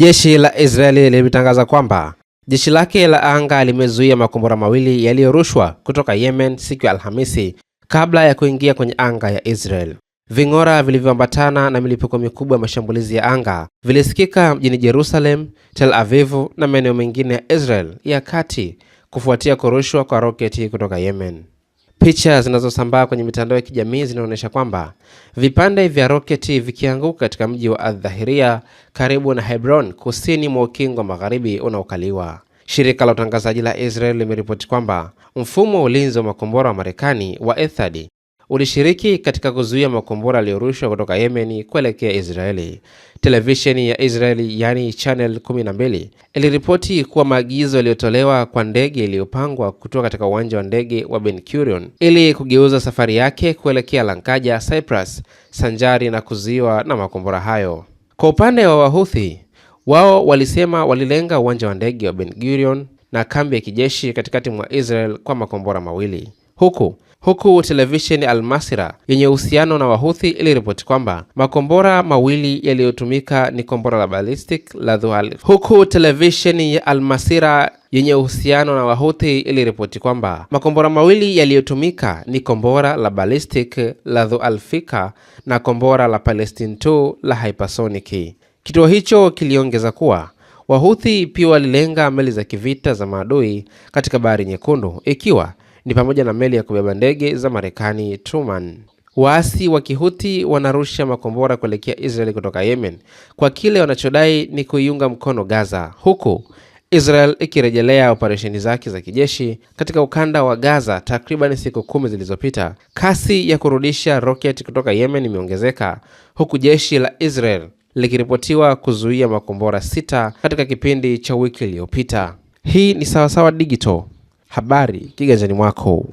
Jeshi la Israeli limetangaza kwamba jeshi lake la anga limezuia makombora mawili yaliyorushwa kutoka Yemen siku ya Alhamisi kabla ya kuingia kwenye anga ya Israel. Ving'ora vilivyoambatana na milipuko mikubwa ya mashambulizi ya anga vilisikika mjini Jerusalem, Tel Avivu na maeneo mengine ya Israel ya kati kufuatia kurushwa kwa roketi kutoka Yemen. Picha zinazosambaa kwenye mitandao ya kijamii zinaonyesha kwamba vipande vya roketi vikianguka katika mji wa Adhahiria karibu na Hebron kusini mwa ukingo magharibi unaokaliwa. Shirika la utangazaji la Israel limeripoti kwamba mfumo wa ulinzi wa makombora wa Marekani wa Ethad ulishiriki katika kuzuia makombora yaliyorushwa kutoka Yemen kuelekea Israeli. Televisheni ya Israeli yani Channel 12 iliripoti kuwa maagizo yaliyotolewa kwa ndege iliyopangwa kutoka katika uwanja wa ndege wa Ben Gurion ili kugeuza safari yake kuelekea Lankaja, Cyprus, sanjari na kuzuiwa na makombora hayo. Kwa upande wa Wahuthi, wao walisema walilenga uwanja wa ndege wa Ben Gurion na kambi ya kijeshi katikati mwa Israel kwa makombora mawili huku huku televisheni Almasira yenye uhusiano na Wahuthi iliripoti kwamba makombora mawili yaliyotumika ni kombora la ballistic la Dhuhal, huku televisheni ya Almasira yenye uhusiano na Wahuthi iliripoti kwamba makombora mawili yaliyotumika ni kombora la ballistic la Dhualfika na kombora la Palestine 2 la hypersonic. Kituo hicho kiliongeza kuwa Wahuthi pia walilenga meli za kivita za maadui katika Bahari Nyekundu ikiwa ni pamoja na meli ya kubeba ndege za Marekani Truman. Waasi wa Kihuti wanarusha makombora kuelekea Israel kutoka Yemen kwa kile wanachodai ni kuiunga mkono Gaza, huku Israel ikirejelea operesheni zake za kijeshi katika ukanda wa Gaza takriban siku kumi zilizopita. Kasi ya kurudisha roketi kutoka Yemen imeongezeka huku jeshi la Israel likiripotiwa kuzuia makombora sita katika kipindi cha wiki iliyopita. Hii ni Sawasawa Digital habari kiganjani mwako.